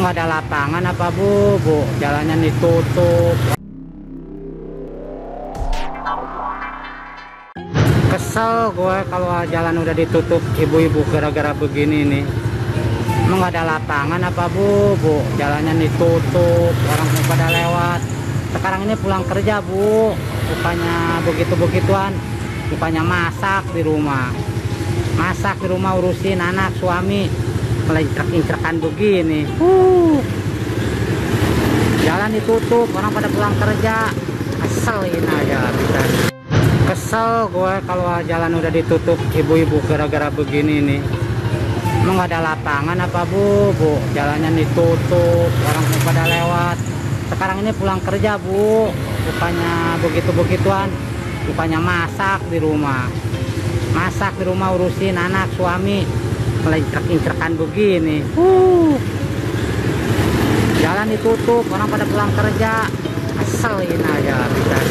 nggak ada lapangan apa bu bu jalannya ditutup kesel gue kalau jalan udah ditutup ibu-ibu gara-gara begini nih emang nggak ada lapangan apa bu bu jalannya ditutup orang mau pada lewat sekarang ini pulang kerja bu bukannya begitu-begituan bukannya masak di rumah masak di rumah urusin anak suami increk incerkan begini uh. jalan ditutup orang pada pulang kerja keselin aja kita kesel gue kalau jalan udah ditutup ibu-ibu gara-gara begini nih emang gak ada lapangan apa bu bu jalannya ditutup orang pada lewat sekarang ini pulang kerja bu bukannya begitu-begituan bukannya masak di rumah masak di rumah urusin anak suami melencrek-encrekan begini uh. jalan ditutup orang pada pulang kerja asal ini aja